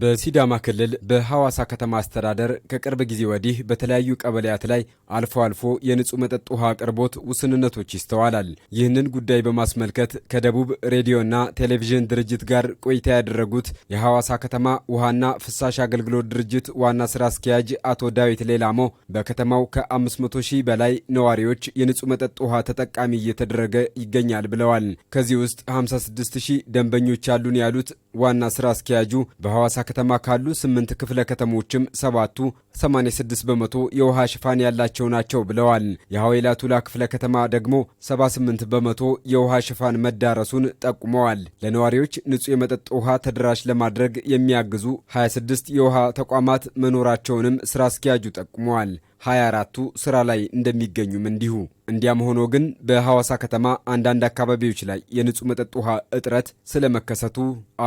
በሲዳማ ክልል በሐዋሳ ከተማ አስተዳደር ከቅርብ ጊዜ ወዲህ በተለያዩ ቀበሌያት ላይ አልፎ አልፎ የንጹህ መጠጥ ውሃ አቅርቦት ውስንነቶች ይስተዋላል። ይህንን ጉዳይ በማስመልከት ከደቡብ ሬዲዮና ቴሌቪዥን ድርጅት ጋር ቆይታ ያደረጉት የሐዋሳ ከተማ ውሃና ፍሳሽ አገልግሎት ድርጅት ዋና ስራ አስኪያጅ አቶ ዳዊት ሌላሞ በከተማው ከ500 ሺህ በላይ ነዋሪዎች የንጹህ መጠጥ ውሃ ተጠቃሚ እየተደረገ ይገኛል ብለዋል። ከዚህ ውስጥ 56 ሺህ ደንበኞች አሉን ያሉት ዋና ስራ አስኪያጁ በሐዋሳ ከተማ ካሉ ስምንት ክፍለ ከተሞችም ሰባቱ 86 በመቶ የውሃ ሽፋን ያላቸው ናቸው ብለዋል። የሐዌላ ቱላ ክፍለ ከተማ ደግሞ 78 በመቶ የውሃ ሽፋን መዳረሱን ጠቁመዋል። ለነዋሪዎች ንጹህ የመጠጥ ውሃ ተደራሽ ለማድረግ የሚያግዙ 26 የውሃ ተቋማት መኖራቸውንም ስራ አስኪያጁ ጠቁመዋል። 24ቱ ስራ ላይ እንደሚገኙም እንዲሁ። እንዲያም ሆኖ ግን በሐዋሳ ከተማ አንዳንድ አካባቢዎች ላይ የንጹህ መጠጥ ውሃ እጥረት ስለመከሰቱ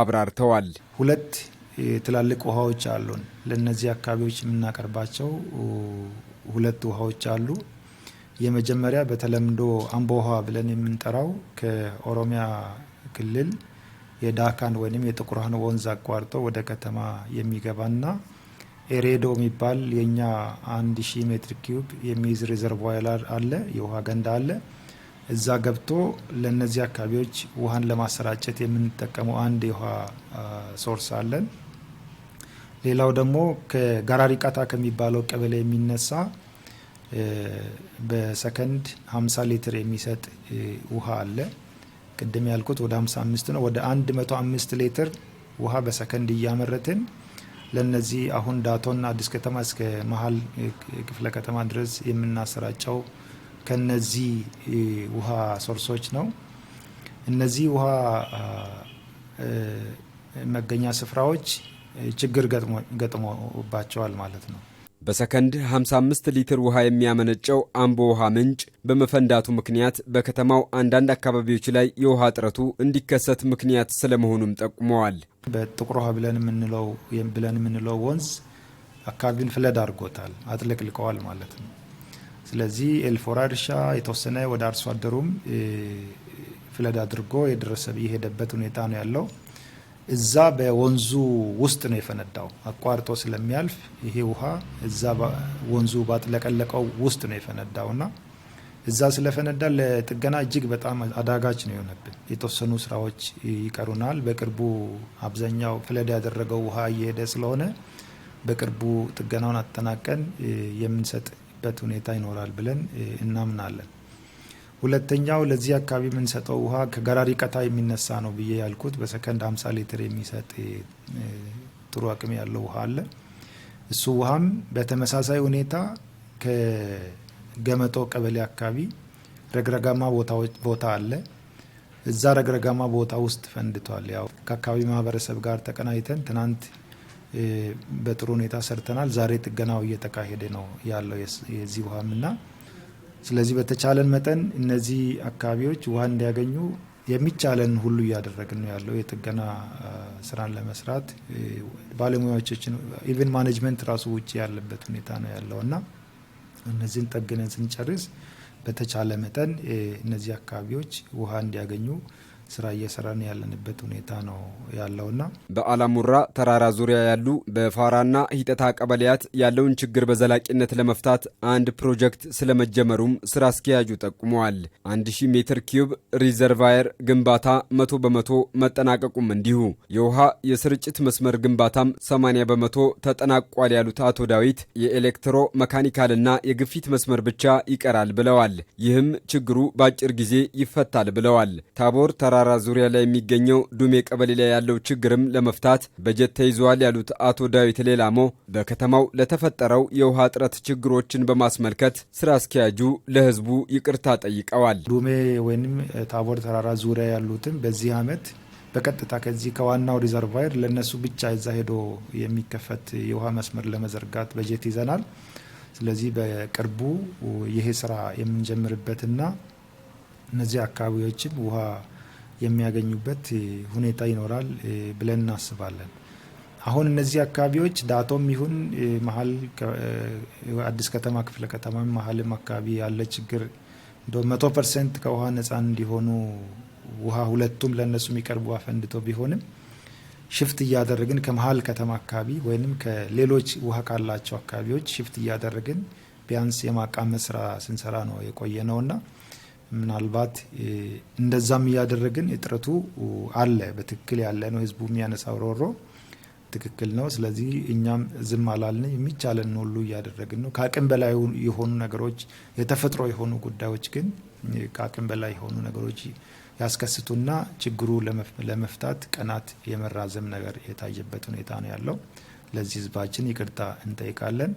አብራርተዋል። ሁለት ትላልቅ ውሃዎች አሉን። ለእነዚህ አካባቢዎች የምናቀርባቸው ሁለት ውሃዎች አሉ። የመጀመሪያ በተለምዶ አምቦ ውሃ ብለን የምንጠራው ከኦሮሚያ ክልል የዳካን ወይም የጥቁርሃን ወንዝ አቋርጦ ወደ ከተማ የሚገባና ኤሬዶ የሚባል የእኛ አንድ ሺህ ሜትር ኪዩብ የሚይዝ ሪዘርቫር አለ፣ የውሃ ገንዳ አለ። እዛ ገብቶ ለእነዚህ አካባቢዎች ውሃን ለማሰራጨት የምንጠቀመው አንድ የውሃ ሶርስ አለን። ሌላው ደግሞ ከጋራሪ ቃታ ከሚባለው ቀበሌ የሚነሳ በሰከንድ 50 ሊትር የሚሰጥ ውሃ አለ። ቅድም ያልኩት ወደ 55 ነው። ወደ 105 ሊትር ውሃ በሰከንድ እያመረትን ለነዚህ አሁን ዳቶና አዲስ ከተማ እስከ መሀል ክፍለ ከተማ ድረስ የምናሰራጨው ከነዚህ ውሃ ሶርሶች ነው። እነዚህ ውሃ መገኛ ስፍራዎች ችግር ገጥሞባቸዋል ማለት ነው። በሰከንድ 55 ሊትር ውሃ የሚያመነጨው አምቦ ውሃ ምንጭ በመፈንዳቱ ምክንያት በከተማው አንዳንድ አካባቢዎች ላይ የውሃ እጥረቱ እንዲከሰት ምክንያት ስለመሆኑም ጠቁመዋል። በጥቁር ውሃ ብለን የምንለው ብለን የምንለው ወንዝ አካባቢን ፍለድ አድርጎታል፣ አጥለቅልቀዋል ማለት ነው። ስለዚህ ኤልፎራ እርሻ የተወሰነ ወደ አርሶ አደሩም ፍለድ አድርጎ የደረሰ የሄደበት ሁኔታ ነው ያለው። እዛ በወንዙ ውስጥ ነው የፈነዳው፣ አቋርጦ ስለሚያልፍ ይሄ ውሃ እዛ ወንዙ ባጥለቀለቀው ውስጥ ነው የፈነዳውና እዛ ስለፈነዳ ለጥገና እጅግ በጣም አዳጋች ነው የሆነብን። የተወሰኑ ስራዎች ይቀሩናል። በቅርቡ አብዛኛው ፍለድ ያደረገው ውሃ እየሄደ ስለሆነ በቅርቡ ጥገናውን አጠናቀን የምንሰጥበት ሁኔታ ይኖራል ብለን እናምናለን። ሁለተኛው ለዚህ አካባቢ የምንሰጠው ውሃ ከገራሪ ቀታ የሚነሳ ነው ብዬ ያልኩት በሰከንድ 50 ሊትር የሚሰጥ ጥሩ አቅም ያለው ውሃ አለ። እሱ ውሃም በተመሳሳይ ሁኔታ ገመጦ ቀበሌ አካባቢ ረግረጋማ ቦታ አለ። እዛ ረግረጋማ ቦታ ውስጥ ፈንድቷል። ያው ከአካባቢ ማህበረሰብ ጋር ተቀናይተን ትናንት በጥሩ ሁኔታ ሰርተናል። ዛሬ ጥገናው እየተካሄደ ነው ያለው የዚህ ውሃም እና ስለዚህ በተቻለን መጠን እነዚህ አካባቢዎች ውሃ እንዲያገኙ የሚቻለን ሁሉ እያደረግን ነው ያለው የጥገና ስራን ለመስራት ባለሙያዎቻችን ኢቨን ማኔጅመንት ራሱ ውጭ ያለበት ሁኔታ ነው ያለው እና እነዚህን ጠግነን ስንጨርስ በተቻለ መጠን እነዚህ አካባቢዎች ውሃ እንዲያገኙ ስራ እየሰራን ያለንበት ሁኔታ ነው ያለውና በአላሙራ ተራራ ዙሪያ ያሉ በፋራና ሂጠታ ቀበሌያት ያለውን ችግር በዘላቂነት ለመፍታት አንድ ፕሮጀክት ስለመጀመሩም ስራ አስኪያጁ ጠቁመዋል። ሺህ ሜትር ኪዩብ ሪዘርቫየር ግንባታ መቶ በመቶ መጠናቀቁም እንዲሁ የውሃ የስርጭት መስመር ግንባታም 80 በመቶ ተጠናቋል ያሉት አቶ ዳዊት የኤሌክትሮ መካኒካልና የግፊት መስመር ብቻ ይቀራል ብለዋል። ይህም ችግሩ በአጭር ጊዜ ይፈታል ብለዋል። ታቦር ተራ ተራራ ዙሪያ ላይ የሚገኘው ዱሜ ቀበሌ ላይ ያለው ችግርም ለመፍታት በጀት ተይዘዋል ያሉት አቶ ዳዊት ሌላሞ በከተማው ለተፈጠረው የውሃ እጥረት ችግሮችን በማስመልከት ስራ አስኪያጁ ለህዝቡ ይቅርታ ጠይቀዋል። ዱሜ ወይም ታቦር ተራራ ዙሪያ ያሉትም በዚህ ዓመት በቀጥታ ከዚህ ከዋናው ሪዘርቫየር ለእነሱ ብቻ እዛ ሄዶ የሚከፈት የውሃ መስመር ለመዘርጋት በጀት ይዘናል። ስለዚህ በቅርቡ ይሄ ስራ የምንጀምርበትና እነዚህ አካባቢዎችም ውሃ የሚያገኙበት ሁኔታ ይኖራል ብለን እናስባለን። አሁን እነዚህ አካባቢዎች ዳቶም ይሁን መሀል አዲስ ከተማ ክፍለ ከተማ መሀልም አካባቢ ያለ ችግር መቶ ፐርሰንት ከውሃ ነፃ እንዲሆኑ ውሃ ሁለቱም ለእነሱ የሚቀርቡ አፈንድቶ ቢሆንም ሽፍት እያደረግን ከመሀል ከተማ አካባቢ ወይም ከሌሎች ውሃ ካላቸው አካባቢዎች ሽፍት እያደረግን ቢያንስ የማቃመስ ስራ ስንሰራ ነው የቆየ ነውና ምናልባት እንደዛም እያደረግን እጥረቱ አለ። በትክክል ያለ ነው። ህዝቡ የሚያነሳው ሮሮ ትክክል ነው። ስለዚህ እኛም ዝም አላልን። የሚቻለን ሁሉ እያደረግን ነው። ከአቅም በላይ የሆኑ ነገሮች፣ የተፈጥሮ የሆኑ ጉዳዮች ግን ከአቅም በላይ የሆኑ ነገሮች ያስከስቱና ችግሩ ለመፍታት ቀናት የመራዘም ነገር የታየበት ሁኔታ ነው ያለው። ለዚህ ህዝባችን ይቅርታ እንጠይቃለን።